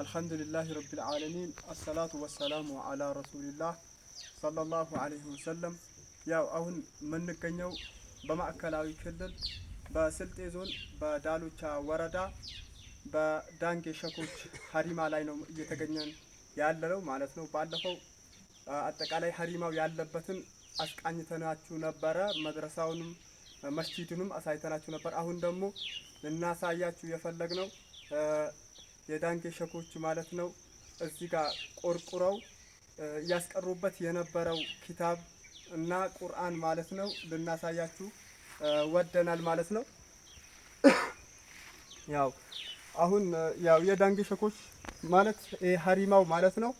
አልሐምዱሊላህ ረቢል ዓለሚን አሰላቱ ወሰላሙ አላ ረሱሊላህ ሰለላሁ አለይሂ ወሰለም። ያው አሁን የምንገኘው በማዕከላዊ ክልል በስልጤ ዞን በዳሎቻ ወረዳ በዳንጌ ሸኮች ሀሪማ ላይ ነው እየተገኘን ያለነው ማለት ነው። ባለፈው አጠቃላይ ሀሪማው ያለበትን አስቃኝተናችሁ ነበረ። መድረሳውንም መስጂዱንም አሳይተናችሁ ነበር። አሁን ደግሞ ልናሳያችሁ የፈለግነው የዳንጌ ሸኮች ማለት ነው። እዚህ ጋር ቆርቁረው እያስቀሩበት የነበረው ኪታብ እና ቁርአን ማለት ነው ልናሳያችሁ ወደናል ማለት ነው። ያው አሁን ያው የዳንጌ ሸኮች ማለት ሀሪማው ማለት ነው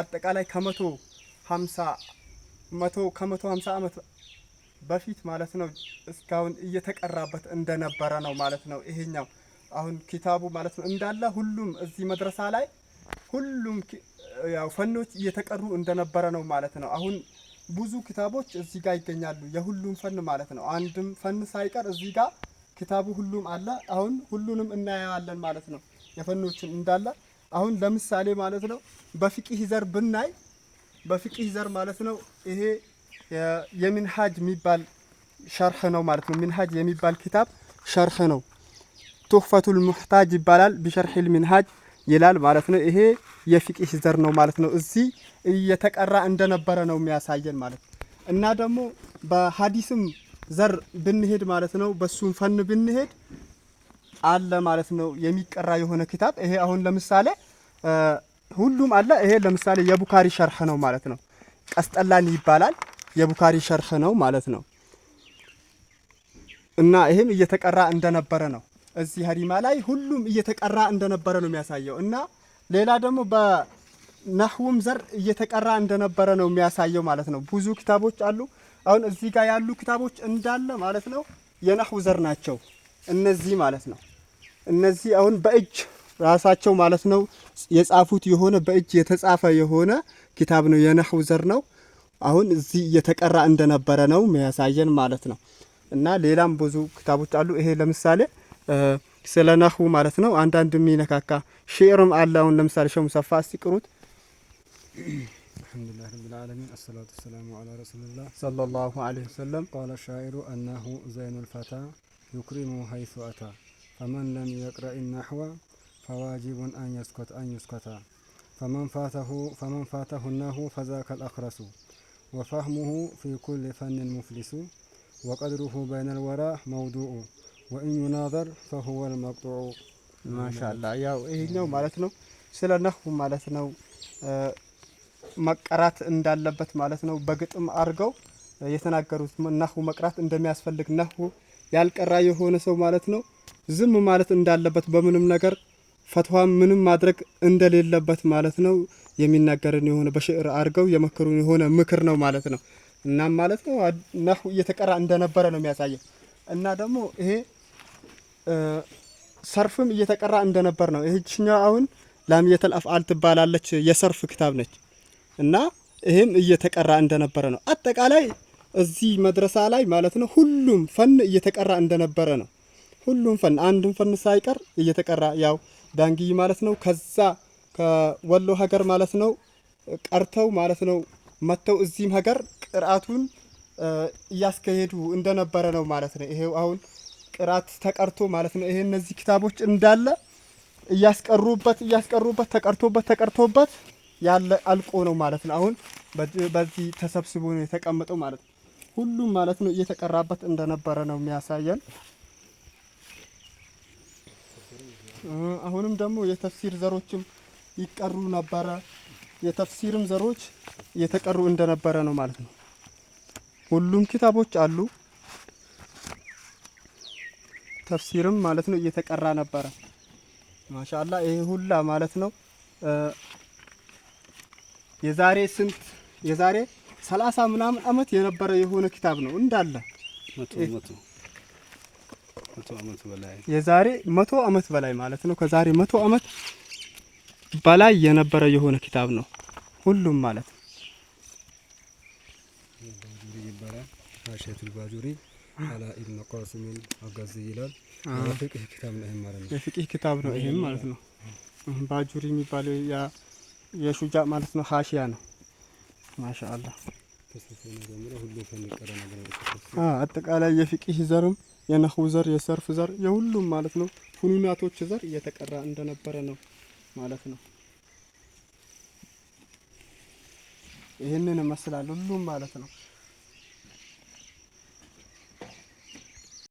አጠቃላይ ከመቶ ሀምሳ መቶ ከመቶ ሀምሳ አመት በፊት ማለት ነው እስካሁን እየተቀራበት እንደነበረ ነው ማለት ነው ይሄኛው አሁን ኪታቡ ማለት ነው እንዳለ ሁሉም እዚህ መድረሳ ላይ ሁሉም ያው ፈኖች እየተቀሩ እንደነበረ ነው ማለት ነው። አሁን ብዙ ኪታቦች እዚህ ጋር ይገኛሉ። የሁሉም ፈን ማለት ነው። አንድም ፈን ሳይቀር እዚህ ጋር ኪታቡ ሁሉም አለ። አሁን ሁሉንም እናየዋለን ማለት ነው። የፈኖችን እንዳለ አሁን ለምሳሌ ማለት ነው በፍቂህ ዘር ብናይ በፍቂህ ዘር ማለት ነው ይሄ የሚንሃጅ የሚባል ሸርህ ነው ማለት ነው። ሚንሃጅ የሚባል ኪታብ ሸርህ ነው። ቱህፈቱል ሙህታጅ ይባላል። ቢሸርሒል ሚንሃጅ ይላል ማለት ነው። ይሄ የፊቅህ ዘር ነው ማለት ነው። እዚህ እየተቀራ እንደነበረ ነው የሚያሳየን ማለት ነው። እና ደግሞ በሀዲስም ዘር ብንሄድ ማለት ነው፣ በሱም ፈን ብንሄድ አለ ማለት ነው የሚቀራ የሆነ ኪታብ። ይሄ አሁን ለምሳሌ ሁሉም አለ። ይሄ ለምሳሌ የቡካሪ ሸርህ ነው ማለት ነው። ቀስጠላኒ ይባላል። የቡካሪ ሸርህ ነው ማለት ነው። እና ይህም እየተቀራ እንደነበረ ነው እዚህ ሀዲማ ላይ ሁሉም እየተቀራ እንደነበረ ነው የሚያሳየው እና ሌላ ደግሞ በናህውም ዘር እየተቀራ እንደነበረ ነው የሚያሳየው ማለት ነው። ብዙ ክታቦች አሉ። አሁን እዚህ ጋር ያሉ ክታቦች እንዳለ ማለት ነው የናህው ዘር ናቸው እነዚህ ማለት ነው። እነዚህ አሁን በእጅ ራሳቸው ማለት ነው የጻፉት የሆነ በእጅ የተጻፈ የሆነ ኪታብ ነው፣ የናህው ዘር ነው። አሁን እዚህ እየተቀራ እንደነበረ ነው የሚያሳየን ማለት ነው። እና ሌላም ብዙ ክታቦች አሉ። ይሄ ለምሳሌ ስለ ነህው ማለት ነው። አንዳንድ የሚነካካ ሽዕርም አለ። አሁን ለምሳሌ ሸህ ሙሰፋ الحمد لله رب العالمين الصلاة والسلام على رسول الله صلى الله عليه وسلم قال الشاعر أنه زين الفتى يكرم حيث أتى فمن لم يقرأ النحو فواجب أن يسكت أن يسكت فمن فاته فمن فاته النهو فذاك الأخرس وفهمه في كل فن مفلس وقدره بين الوراء موضوع ወኢን ዩናዘር ፈሁወል መቅጡዑ። ማሻላ ያው ይሄኛው ማለት ነው ስለ ነህው ማለት ነው መቀራት እንዳለበት ማለት ነው በግጥም አድርገው የተናገሩት ነህው መቅራት እንደሚያስፈልግ ነህው ያልቀራ የሆነ ሰው ማለት ነው ዝም ማለት እንዳለበት በምንም ነገር ፈትዋ ምንም ማድረግ እንደሌለበት ማለት ነው የሚናገርን የሆነ በሽዕር አድርገው የመከሩን የሆነ ምክር ነው ማለት ነው። እናም ማለት ነው ነህው እየተቀራ እንደነበረ ነው የሚያሳየው እና ደግሞ ይሄ ሰርፍም እየተቀራ እንደነበር ነው። ይህችኛው አሁን ላምየተል አፍዓል ትባላለች። የሰርፍ ክታብ ነች እና ይህም እየተቀራ እንደነበረ ነው። አጠቃላይ እዚህ መድረሳ ላይ ማለት ነው ሁሉም ፈን እየተቀራ እንደነበረ ነው። ሁሉም ፈን አንድም ፈን ሳይቀር እየተቀራ ያው ዳንግይ ማለት ነው ከዛ ከወሎ ሀገር ማለት ነው ቀርተው ማለት ነው መጥተው እዚህም ሀገር ቅርአቱን እያስካሄዱ እንደነበረ ነው ማለት ነው። ይሄው አሁን ቅራት ተቀርቶ ማለት ነው። ይሄ እነዚህ ኪታቦች እንዳለ እያስቀሩበት እያስቀሩበት ተቀርቶበት ተቀርቶበት ያለ አልቆ ነው ማለት ነው። አሁን በዚህ ተሰብስቦ ነው የተቀመጠው ማለት ነው። ሁሉም ማለት ነው እየተቀራበት እንደነበረ ነው የሚያሳየን። አሁንም ደግሞ የተፍሲር ዘሮችም ይቀሩ ነበረ። የተፍሲርም ዘሮች እየተቀሩ እንደነበረ ነው ማለት ነው። ሁሉም ኪታቦች አሉ። ተፍሲርም ማለት ነው እየተቀራ ነበረ። ማሻአላ ይሄ ሁላ ማለት ነው የዛሬ ስንት የዛሬ ሰላሳ ምናምን አመት የነበረ የሆነ ኪታብ ነው እንዳለ የዛሬ መቶ አመት በላይ ማለት ነው ከዛሬ መቶ አመት በላይ የነበረ የሆነ ኪታብ ነው ሁሉም ማለት ነው። አላ ኢብን ቃሲሚን አጋዚ ይላል። የፍቅህ ኪታብ ነው ይህም ማለት ነው። የፍቅህ ኪታብ ነው ይሄም ማለት ነው። ባጁሪ የሚባለው ያ የሹጃ ማለት ነው ሀሽያ ነው። ማሻ አጠቃላይ የፍቅህ ዘርም የነህው ዘር የሰርፍ ዘር የሁሉም ማለት ነው ሁኑናቶች ዘር እየተቀራ እንደነበረ ነው ማለት ነው። ይህንን ይመስላል ሁሉም ማለት ነው።